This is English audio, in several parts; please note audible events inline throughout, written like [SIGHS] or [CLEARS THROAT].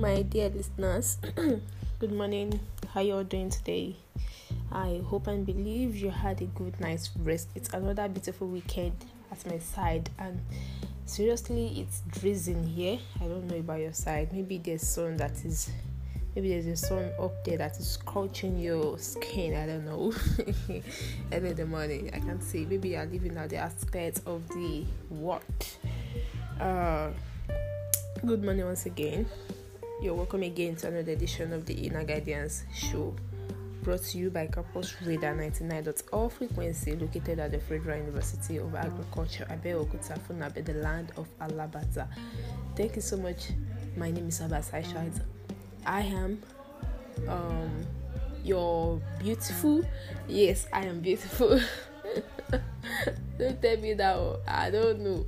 my dear listeners [CLEARS THROAT] good morning how you're doing today i hope and believe you had a good night's rest it's another beautiful weekend at my side and seriously it's drizzling here i don't know about your side maybe there's sun that is maybe there's a sun up there that is scorching your skin i don't know [LAUGHS] early the morning i can see maybe you're living out the aspects of the what uh, good morning once again you're welcome again to another edition of the Inner Guidance Show, brought to you by Campus Radar all frequency, located at the Federal University of Agriculture, Abeokuta, Funabe, the land of Alabata. Thank you so much. My name is Abbas Aishad. I am um, your beautiful. Yes, I am beautiful. [LAUGHS] don't tell me that. Oh, I don't know.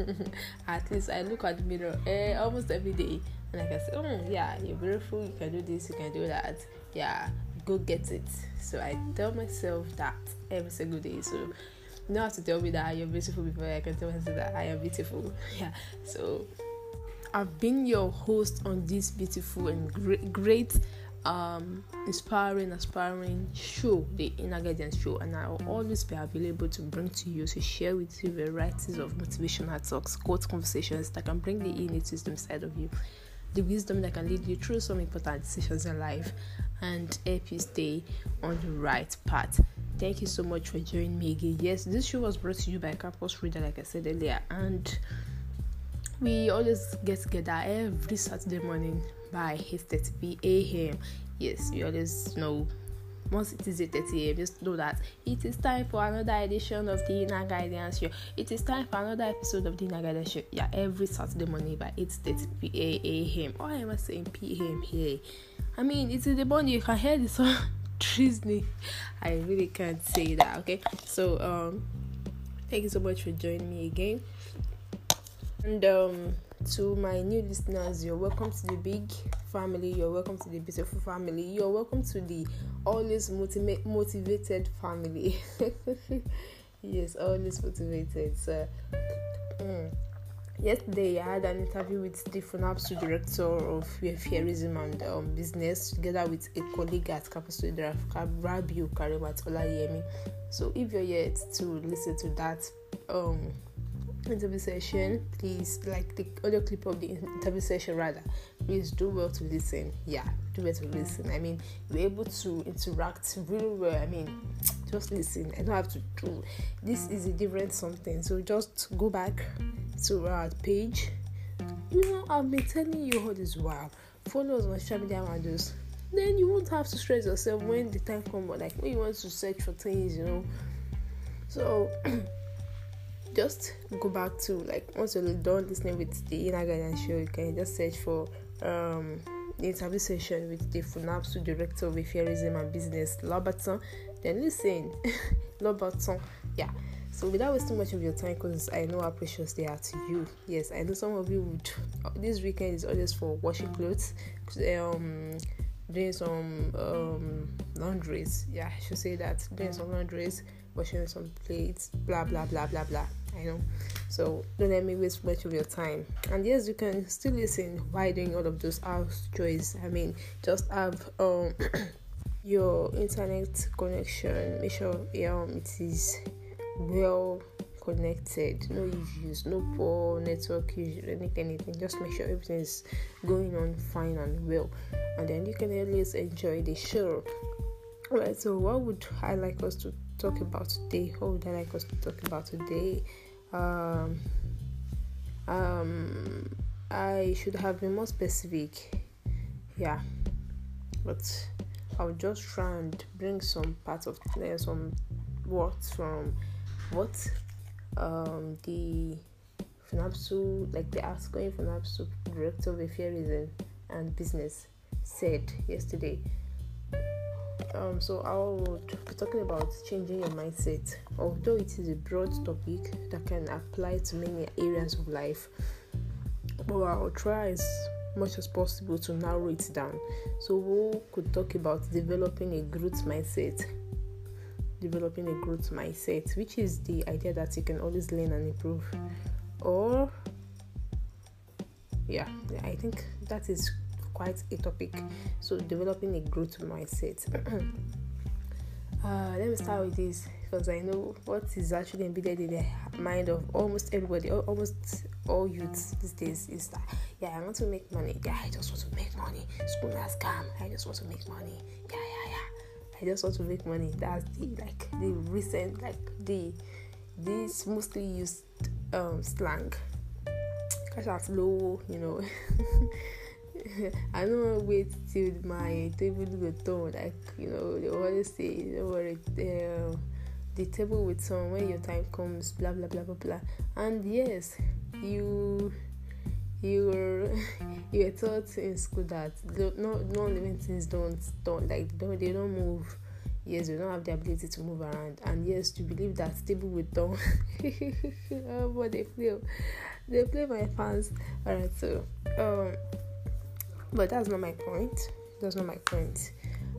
[LAUGHS] at least I look at the mirror eh, almost every day and I can say, oh yeah, you're beautiful, you can do this, you can do that, yeah, go get it. So I tell myself that every single day. So you don't have to tell me that you're beautiful before I can tell myself that I am beautiful. [LAUGHS] Yeah. So I've been your host on this beautiful and great, great um, inspiring, aspiring show, the Inner Guidance Show, and I will always be available to bring to you to share with you varieties of motivational talks, quote conversations that can bring the inner wisdom side of you the wisdom that can lead you through some important decisions in life and help you stay on the right path. Thank you so much for joining me again. Yes, this show was brought to you by Campus Reader, like I said earlier, and we always get together every Saturday morning by 8:30 a.m. Yes, we always know once it is 8.30am just know that it is time for another edition of the inner guidance show it is time for another episode of the inner guidance show yeah every saturday morning by 8.30 am why am i saying pm here i mean it's in the morning you can hear the song [LAUGHS] Disney. I really can't say that, okay? So, um, thank you so much for joining me again. And, um, to my new listeners, you're welcome to the big family, you're welcome to the beautiful family, you're welcome to the always motiva- motivated family. [LAUGHS] yes, always motivated. So, mm. Yesterday, I had an interview with different absolute director of Fairism and um, Business, together with a colleague at Campus Africa, Rabbi Karimat Olayemi. So, if you're yet to listen to that um, interview session, please like the audio clip of the interview session rather. Please do well to listen. Yeah, do well to listen. I mean, you're able to interact really well. I mean, just listen. I don't have to do. This is a different something. So just go back to our page. You know, I've been telling you all this while. Follow us on social media just Then you won't have to stress yourself when the time comes. Like when you want to search for things, you know. So. [CLEARS THROAT] just go back to like once you're done listening with the inner guidance show you can just search for um the interview session with the FUNAPSU director of affairism and business Loberton then listen [LAUGHS] Loberton yeah so without wasting much of your time because I know how precious they are to you yes I know some of you would this weekend is always for washing clothes um doing some um laundries yeah I should say that doing mm. some laundries washing some plates blah blah blah blah blah you know. So don't let me waste much of your time. And yes, you can still listen while doing all of those house chores. I mean, just have um [CLEARS THROAT] your internet connection. Make sure um it is well connected. No issues, no poor network issues, anything, anything. Just make sure everything is going on fine and well, and then you can at least enjoy the show. Alright, so what would I like us to talk about today. Oh, that I to talk about today. Um, um, I should have been more specific. Yeah, but I'll just try and bring some parts of uh, some words from what um, the FNAPSU, like the outgoing FNAPSU director of affairs and business, said yesterday um, so I would be talking about changing your mindset. Although it is a broad topic that can apply to many areas of life, but I'll try as much as possible to narrow it down. So we could talk about developing a growth mindset. Developing a growth mindset, which is the idea that you can always learn and improve. Or yeah, I think that is quite a topic. So developing a growth mindset. [CLEARS THROAT] uh, let me start with this because I know what is actually embedded in the mind of almost everybody, almost all youths these days is that yeah, I want to make money. Yeah, I just want to make money. School has come. I just want to make money. Yeah, yeah, yeah. I just want to make money. That's the like the recent like the this mostly used um, slang. Because that's low, you know. [LAUGHS] [LAUGHS] I don't wait till my table turn. Like you know, they always say, don't worry, uh, the table will turn when your time comes. Blah blah blah blah blah. And yes, you you were [LAUGHS] you were taught in school that no no living things don't don't like don't they don't move. Yes, they don't have the ability to move around, and yes, to believe that table will turn. [LAUGHS] oh, but they play, they play my fans. Alright, so um but that's not my point. That's not my point.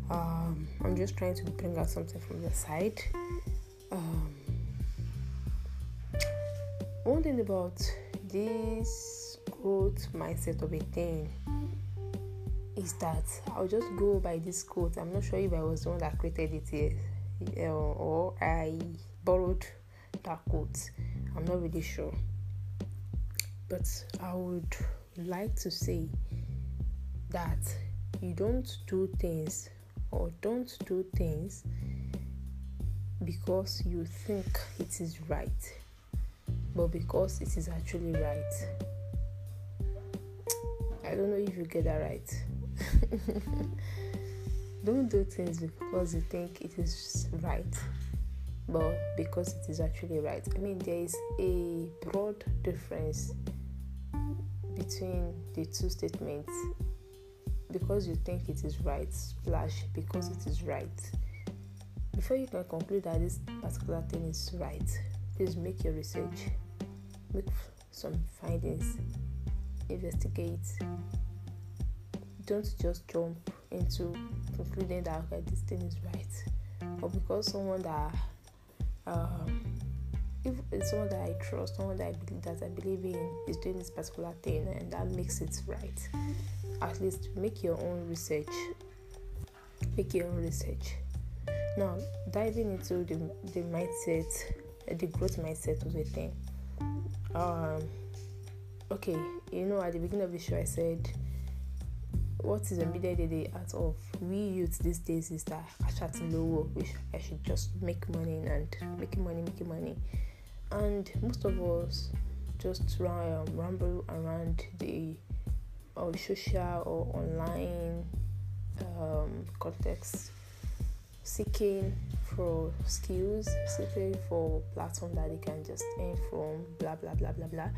Um, I'm just trying to bring out something from the side. Um, one thing about this quote, mindset of a thing is that I'll just go by this quote. I'm not sure if I was the one that created it or I borrowed that quote. I'm not really sure. But I would like to say that you don't do things or don't do things because you think it is right, but because it is actually right. I don't know if you get that right. [LAUGHS] don't do things because you think it is right, but because it is actually right. I mean, there is a broad difference between the two statements because you think it is right, splash because it is right. Before you can conclude that this particular thing is right, please make your research, make some findings, investigate. Don't just jump into concluding that okay, this thing is right, or because someone that um, if it's someone that I trust, someone that I believe that I believe in is doing this particular thing and that makes it right. At least make your own research. Make your own research. Now diving into the, the mindset, the growth mindset of the thing. Um okay, you know at the beginning of the show I said what is embedded in the heart of we youth these days is that I which I should just make money and making money, making money and most of us just um, ramble around the or uh, social or online um, context seeking for skills seeking for platform that they can just aim from blah blah blah blah blah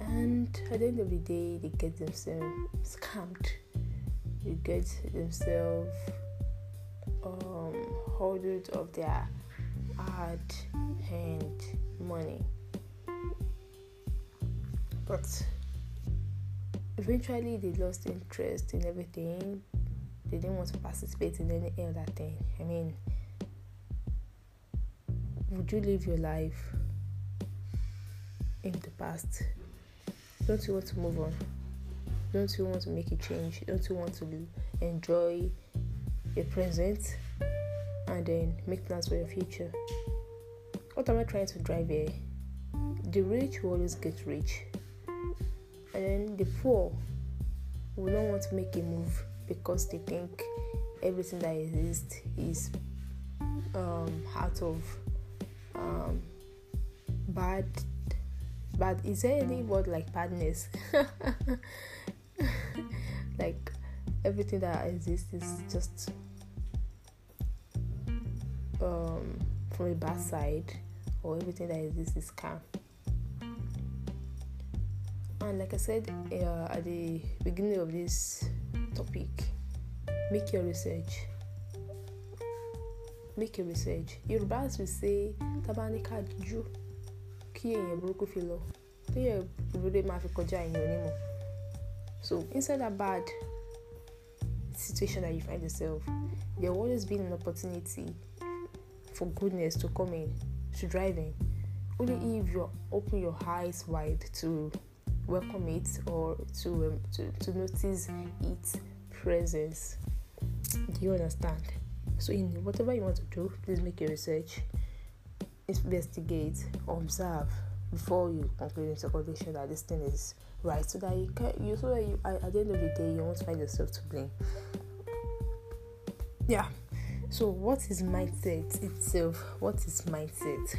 and at the end of the day they get themselves scammed they get themselves um, hold of their hard earned money. But eventually they lost interest in everything. They didn't want to participate in any other thing. I mean, would you live your life in the past? Don't you want to move on? Don't you want to make a change? Don't you want to enjoy your present? and then make plans for your future. What am I trying to drive here? The rich will always get rich, and then the poor will not want to make a move because they think everything that exists is um, out of um, bad. But is there any word like badness? [LAUGHS] like everything that exists is just um, from the bad mm. side or everything that exists is scam. And like I said uh, at the beginning of this topic, make your research. Make your research. Your Yorùbá will say tabani ká jú kí èèyàn burúkú fi lọ tí èèyàn fi kọjá èèyàn onímọ̀. So inside that bad situation that you find yourself, there will always be an opportunity for goodness to come in, to drive in. Only mm. if you open your eyes wide to welcome it or to, um, to, to notice its presence. Do you understand? So, in whatever you want to do, please make your research, investigate, observe before you conclude into conclusion that this thing is right, so that you can you so that you at the end of the day you won't find yourself to blame. Yeah. So, what is mindset itself? What is mindset?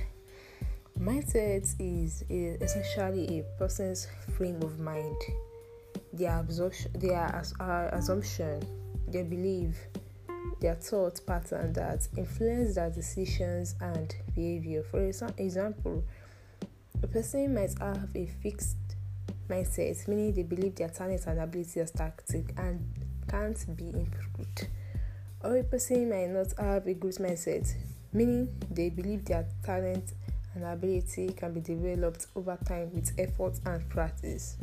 Mindset is a, essentially a person's frame of mind, their absorption, their uh, assumption, their belief, their thought pattern that influence their decisions and behavior. For example, a person might have a fixed mindset, meaning they believe their talents and abilities are static and can't be improved a person might not have a growth mindset, meaning they believe their talent and ability can be developed over time with effort and practice.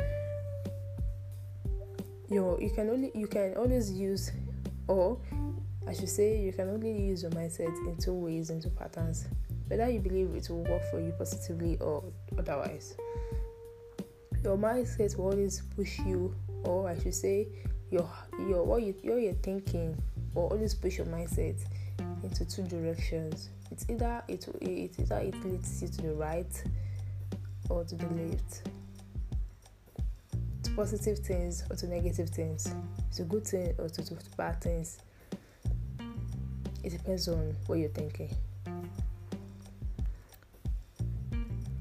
You know, you can only you can always use or I should say you can only use your mindset in two ways, in two patterns. Whether you believe it will work for you positively or otherwise. Your mindset will always push you or I should say your your what you your, your thinking or always push your mindset into two directions. It's either it it either it leads you to the right or to the left. To positive things or to negative things. To good things or to, to bad things. It depends on what you're thinking.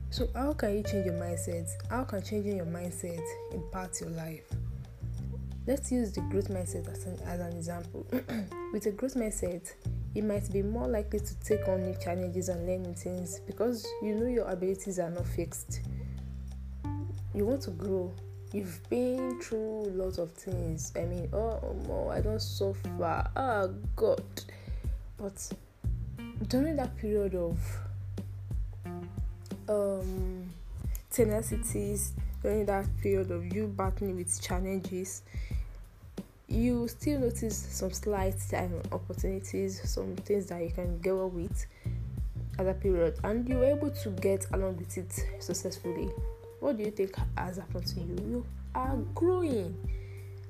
So how can you change your mindset? How can changing your mindset impact your life? Let's use the growth mindset as an, as an example. [CLEARS THROAT] With a growth mindset, you might be more likely to take on new challenges and learn new things because you know your abilities are not fixed. You want to grow. You've been through lots of things. I mean, oh, oh, oh I don't suffer. Oh God. But during that period of um tenacities, during that period of you battling with challenges, you still notice some slight opportunities, some things that you can get away with at that period, and you were able to get along with it successfully. What do you think has happened to you? You are growing.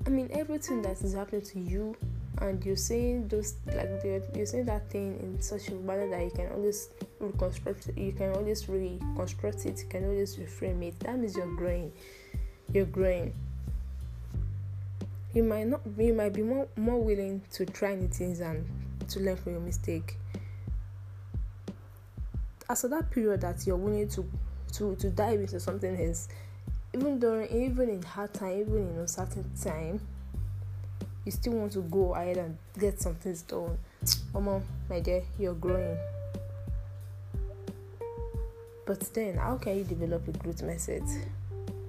I mean, everything that is happening to you, and you're saying those like you're saying that thing in such a manner that you can always reconstruct, you can always reconstruct it, you can always reframe it. That means you're growing. You're growing you might not you might be more, more willing to try new things and to learn from your mistake as of that period that you're willing to to to dive into something else even during even in hard time even in uncertain time you still want to go ahead and get something done mama my dear you're growing but then how can you develop a growth mindset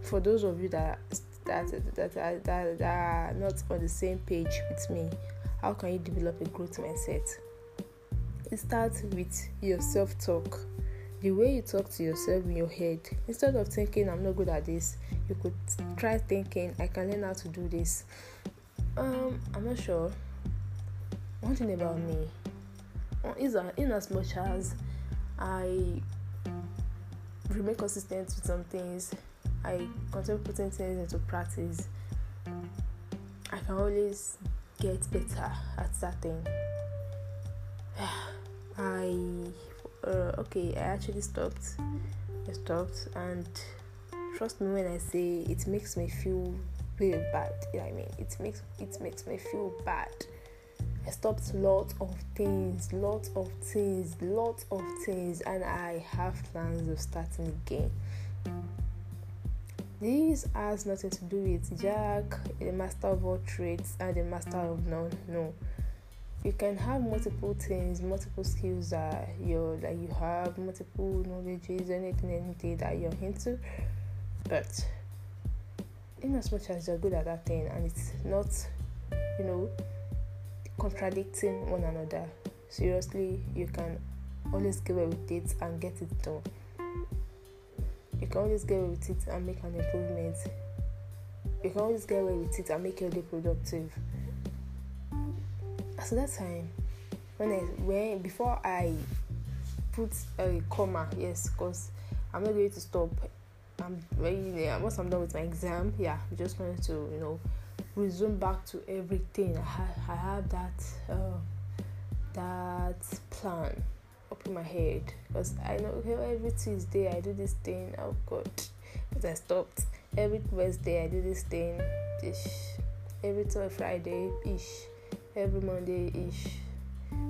for those of you that that, that, that, that, are not on the same page with me? How can you develop a growth mindset? It starts with your self talk. The way you talk to yourself in your head, instead of thinking, I'm not good at this, you could try thinking, I can learn how to do this. Um, I'm not sure. One thing about me uh, is in as much as I remain consistent with some things, I continue putting things into practice, I can always get better at that thing. [SIGHS] I uh, okay, I actually stopped. I stopped, and trust me when I say it makes me feel really bad. You know I mean, it makes it makes me feel bad. I stopped lots of things, lots of things, lots of things, and I have plans of starting again. This has nothing to do with Jack, the master of all trades, and the master of none. No, you can have multiple things, multiple skills that you that you have, multiple knowledges, anything, anything that you're into. But in as much as you're good at that thing, and it's not, you know, contradicting one another, seriously, you can always give away with it and get it done you can always get away with it and make an improvement. You can always get away with it and make your day productive. So that time, when I when before I put a comma, yes, because I'm not going to stop. I'm very once I'm done with my exam, yeah, I'm just going to you know resume back to everything. I have, I have that uh, that plan in my head because I know okay, every Tuesday I do this thing. Oh God, but I stopped. Every Wednesday I do this thing. Ish. Every Friday ish. Every Monday ish.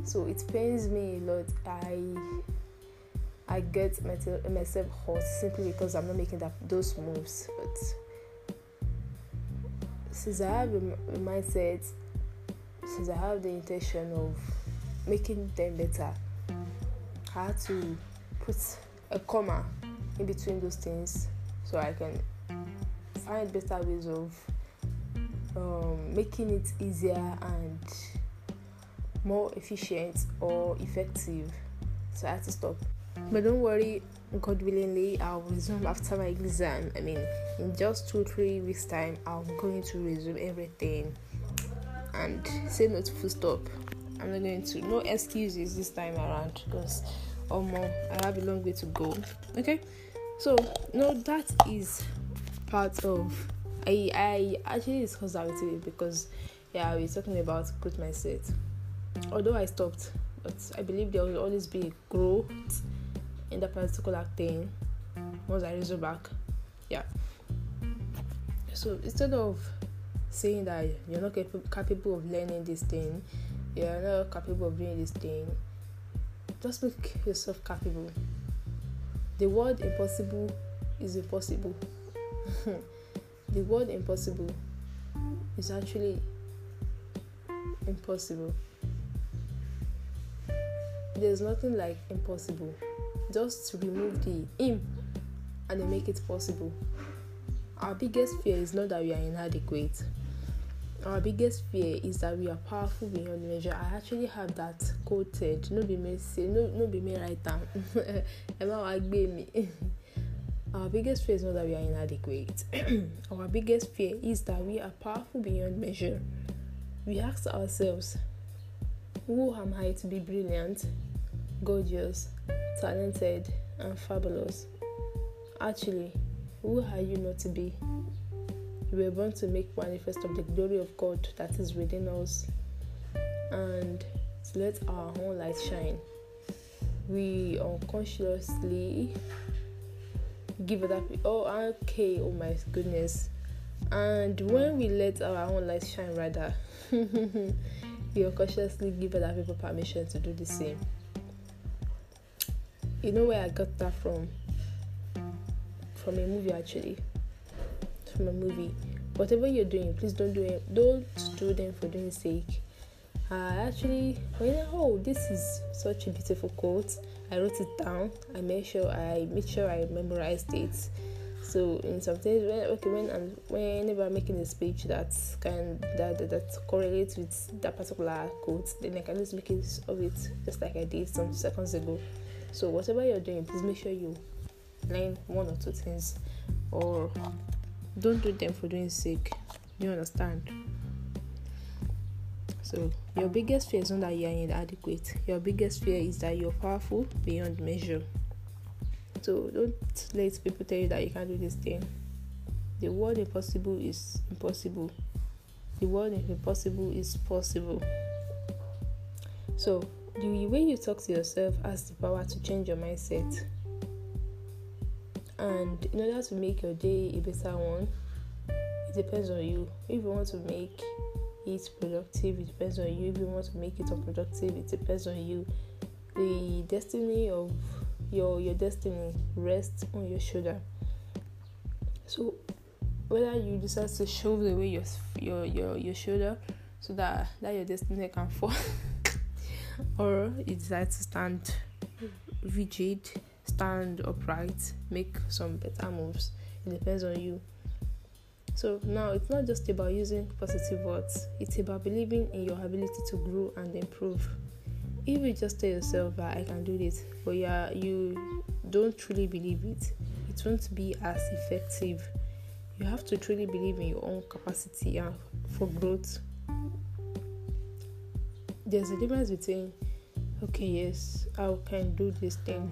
So it pains me a lot. I I get myself hot simply because I'm not making that those moves. But since I have a mindset, since I have the intention of making them better I had to put a comma in between those things so I can find better ways of um, making it easier and more efficient or effective. So I had to stop. But don't worry, God willingly, I'll resume after my exam. I mean, in just two, three weeks' time, I'm going to resume everything and say no to full stop. I'm not going to. No excuses this time around because oh um, I have a long way to go. Okay, so no, that is part of. I I actually discussed that with you because yeah, we're talking about growth mindset. Although I stopped, but I believe there will always be a growth in that particular thing once I resume back. Yeah. So instead of saying that you're not capable of learning this thing you're not capable of doing this thing, just make yourself capable. The word impossible is impossible. [LAUGHS] the word impossible is actually impossible. There's nothing like impossible. Just remove the im and make it possible. Our biggest fear is not that we are inadequate, our biggest fear is that we are powerful beyond measure. I actually have that quoted. No be me say, no, no be me right now. me. Our biggest fear is not that we are inadequate. [CLEARS THROAT] our biggest fear is that we are powerful beyond measure. We ask ourselves, who am I to be brilliant, gorgeous, talented, and fabulous? Actually, who are you not to be? we were born to make manifest of the glory of God that is within us and to let our own light shine. We unconsciously give it up. Oh, okay. Oh my goodness. And when we let our own light shine, rather, [LAUGHS] we unconsciously give other people permission to do the same. You know where I got that from? From a movie, actually. My movie. Whatever you're doing, please don't do it. Don't do them for doing sake. I uh, actually when oh this is such a beautiful quote. I wrote it down. I made sure I made sure I memorized it. So in some things when okay when I'm whenever I'm making a speech that can that, that, that correlates with that particular quote, then I can just make use of it just like I did some seconds ago. So whatever you're doing, please make sure you learn one or two things or don't do them for doing sake. Do you understand? So, your biggest fear is not that you are inadequate. Your biggest fear is that you're powerful beyond measure. So, don't let people tell you that you can't do this thing. The word impossible is impossible. The word impossible is possible. So, the way you talk to yourself has the power to change your mindset. And in order to make your day a better one, it depends on you. If you want to make it productive, it depends on you. If you want to make it unproductive, it depends on you. The destiny of your your destiny rests on your shoulder. So whether you decide to shove away your your your, your shoulder so that that your destiny can [LAUGHS] fall or you decide to stand rigid stand upright, make some better moves. It depends on you. So now it's not just about using positive words, it's about believing in your ability to grow and improve. If you just tell yourself that I can do this, but you, you don't truly believe it, it won't be as effective. You have to truly believe in your own capacity and for growth. There's a difference between okay, yes, I can do this thing,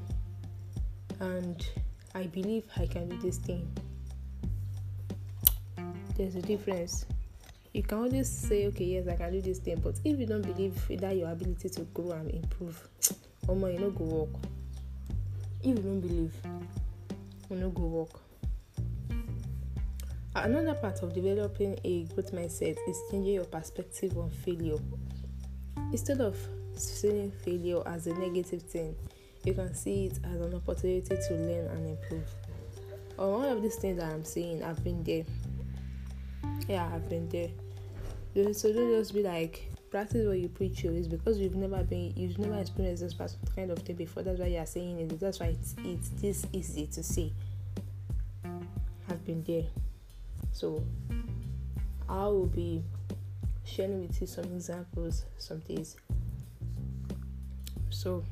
and I believe I can do this thing. There's a difference. You can always say, okay, yes, I can do this thing, but if you don't believe in that your ability to grow and improve, [TSK] omo, you e no go work. If you don't believe, you e no go work. Another part of developing a growth mindset is changing your perspective on failure. Instead of seeing failure as a negative thing, you can see it as an opportunity to learn and improve. Or one of these things that I'm seeing, I've been there. Yeah, I've been there. So don't just be like, practice what you preach you oh, is because you've never been you've never experienced this kind of thing before. That's why you are saying it. That's why it's it's this easy to see. I've been there. So I will be sharing with you some examples some days. So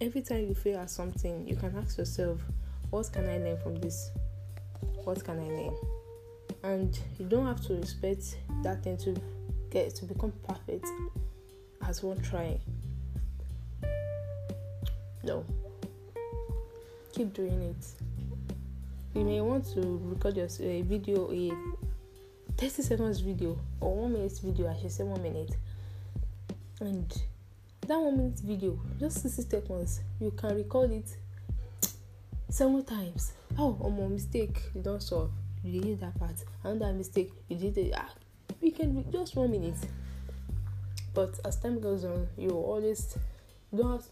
every time you fail at something, you can ask yourself, What can I learn from this? What can I learn? And you don't have to expect that thing to get to become perfect as one try. No. Keep doing it. You may want to record your a eh, video, a eh, 30 seconds video or one minute video, I should say one minute, and that one minute video just 60 seconds you can record it several times oh, oh my mistake you don't solve you did that part and that mistake you did it ah we can be just one minute but as time goes on you always don't have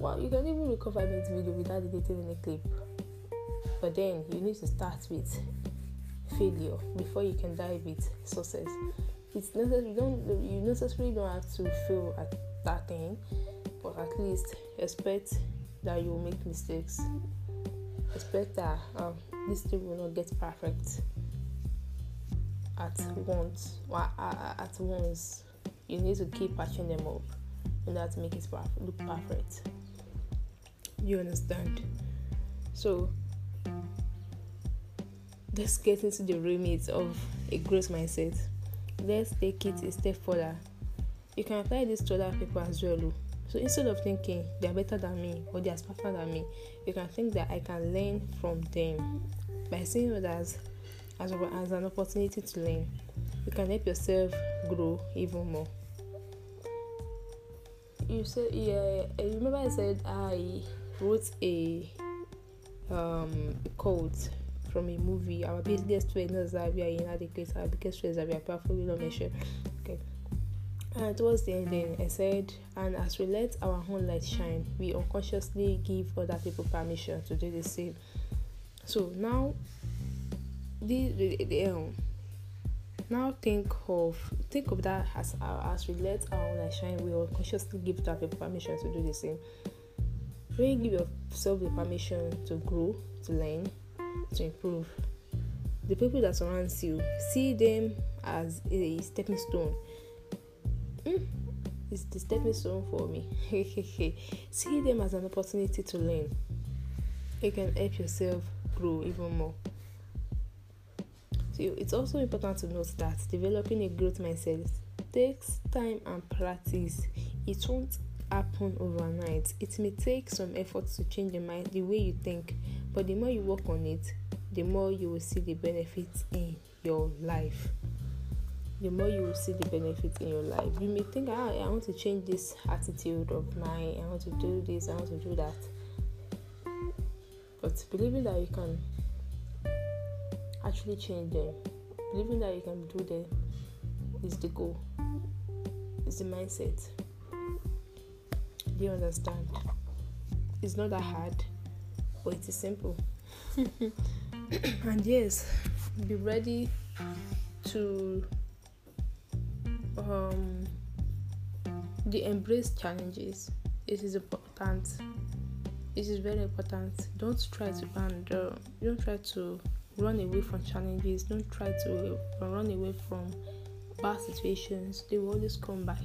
well you can even recover a minute video without deleting any clip but then you need to start with failure before you can dive with success it's necessary you don't you necessarily don't have to fail at that thing, but at least expect that you'll make mistakes. Expect that um, this thing will not get perfect at once. At once, you need to keep patching them up in order to make it look perfect. You understand? So let's get into the remit of a growth mindset. Let's take it a step further you can apply this to other people as well. Oh. So instead of thinking they are better than me or they are smarter than me, you can think that I can learn from them by seeing others as, as an opportunity to learn. You can help yourself grow even more. You said yeah. Remember I said I wrote a um quote from a movie. Our biggest trainers that we are inadequate. Our biggest trainers is that we are powerful. We don't measure. And towards the ending, I said, and as we let our own light shine, we unconsciously give other people permission to do the same. So now, the, the, the um, now think of think of that as our uh, as we let our own light shine, we unconsciously give other people permission to do the same. When you give yourself the permission to grow, to learn, to improve, the people that surrounds you see them as a stepping stone mm, the stepping stone for me. [LAUGHS] See them as an opportunity to learn. You can help yourself grow even more. So it's also important to note that developing a growth mindset takes time and practice. It won't happen overnight. It may take some effort to change your mind, the way you think, but the more you work on it, the more you will see the benefits in your life the more you will see the benefits in your life. You may think, ah, I want to change this attitude of mine, I want to do this, I want to do that. But believing that you can actually change them, believing that you can do them is the goal, is the mindset. Do you understand? It's not that hard, but it is simple. [LAUGHS] and yes, be ready to um, the embrace challenges. It is important. It is very important. Don't try to and uh, don't try to run away from challenges. Don't try to uh, run away from bad situations. They will always come by.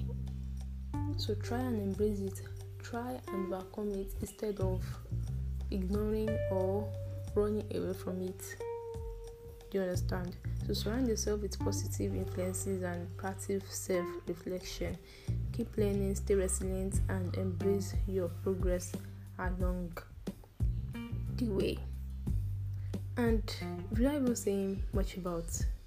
So try and embrace it. Try and overcome it instead of ignoring or running away from it you understand? So surround yourself with positive influences and practice self reflection. Keep learning, stay resilient, and embrace your progress along the way. And without even saying much about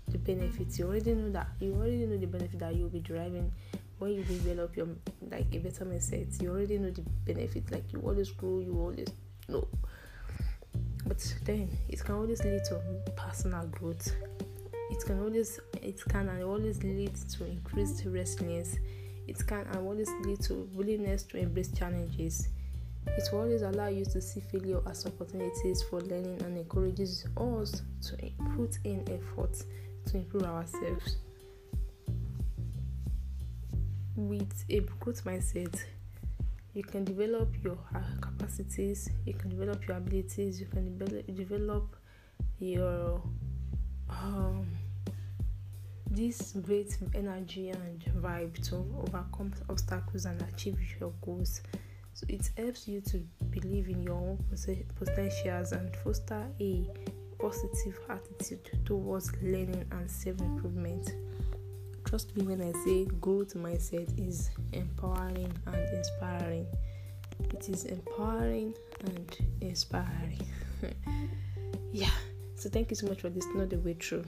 the benefits, you already know that you already know the benefit that you'll be driving when you develop your like a better mindset. You already know the benefit, like you always grow, you always know but then it can always lead to personal growth it can always it can always lead to increased resilience it can always lead to willingness to embrace challenges it will always allow you to see failure as opportunities for learning and encourages us to put in effort to improve ourselves with a good mindset you can develop your uh, capacities, you can develop your abilities, you can develop your um, this great energy and vibe to overcome obstacles and achieve your goals. So it helps you to believe in your own potentials and foster a positive attitude towards learning and self improvement. Trust me when I say growth mindset is empowering and inspiring. It is empowering and inspiring. [LAUGHS] yeah. So thank you so much for this. Not the way through.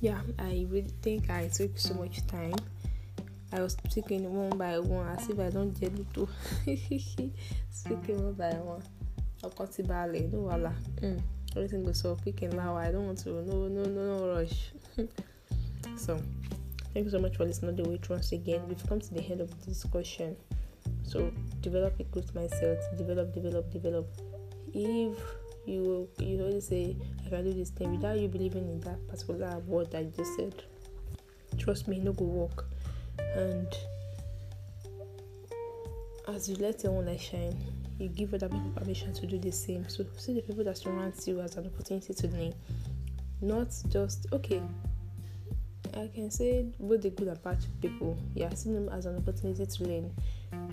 Yeah, I really think I took so much time. I was speaking one by one as if I don't get it to [LAUGHS] speaking one by one. ọkọ ti balẹ̀ no voila. mm, everything was so quick and loud I don't want to no no no no rush [LAUGHS] so. Thank you so much for listening to the wait once again. We've come to the end of this question. So develop a good mindset. Develop, develop, develop. If you you always say I can do this thing without you believing in that particular word that you just said, trust me, no go work. And as you let your own light shine, you give other people permission to do the same. So see the people that surround you as an opportunity to learn, not just okay I can say both the good and bad people. Yeah, see them as an opportunity to learn.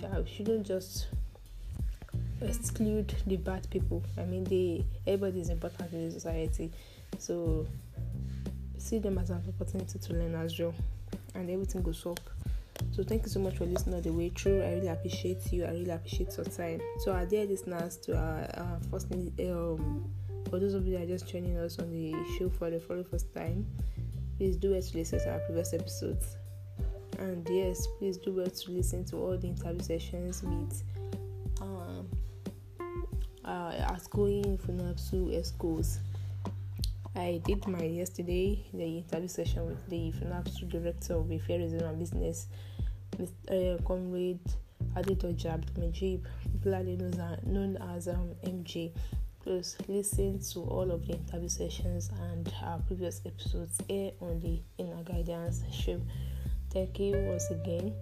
You shouldn't just exclude the bad people. I mean, they everybody is important in the society, so see them as an opportunity to learn as well, and everything goes up. So thank you so much for listening all the way through. I really appreciate you. I really appreciate your time. So our dear listeners, to our, uh, our uh, first um, for those of you that are just joining us on the show for the very first time. Please do well to listen to our previous episodes. And yes, please do well to listen to all the interview sessions with um, uh, outgoing Funapsu schools. I did my yesterday, the interview session with the Funapsu director of Affairs and Business, Mr. Uh, Comrade Jabt Majib, popularly known as um, MJ. Please listen to all of the interview sessions and our previous episodes here on the Inner Guidance Show. Thank you once again.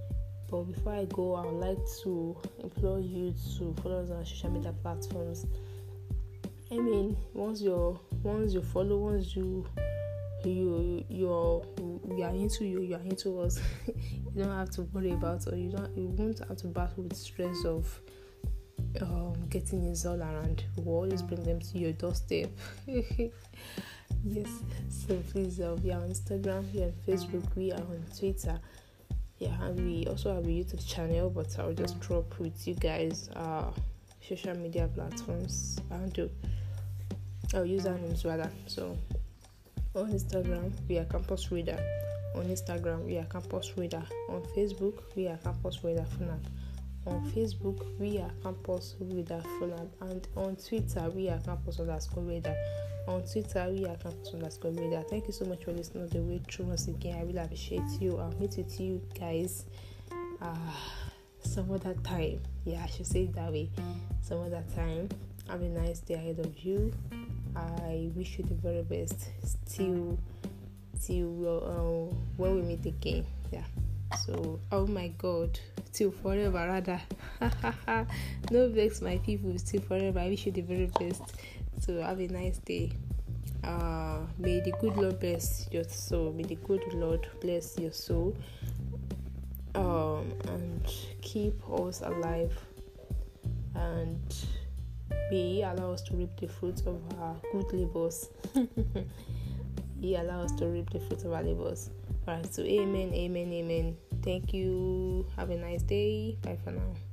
But before I go, I would like to implore you to follow us on social media platforms. I mean, once you once you follow, once you you you're you are into you, you are into us. [LAUGHS] you don't have to worry about or you don't you won't have to battle with stress of um, getting is all around will always bring them to your doorstep [LAUGHS] yes so please uh, we are on instagram we are on facebook we are on twitter yeah and we also have a youtube channel but i'll just drop with you guys uh social media platforms and uh, our usernames rather so on instagram we are campus reader on instagram we are campus reader on facebook we are campus reader for now on Facebook, we are Campus Reader Fulham, and on Twitter, we are Campus underscore Reader. On Twitter, we are Campus underscore Reader. Thank you so much for listening all the way through. Once again, I really appreciate you. I'll meet with you guys uh, some other time. Yeah, I should say it that way. Some other time. Have a nice day ahead of you. I wish you the very best. Still, till uh, when we meet again. Yeah. So, oh my God till forever rather [LAUGHS] no vex my people till forever i wish you the very best so have a nice day uh, may the good lord bless your soul may the good lord bless your soul um, and keep us alive and may allow us to reap the fruits of our good labors [LAUGHS] he allow us to reap the fruits of our labors all right so amen amen amen Thank you. Have a nice day. Bye for now.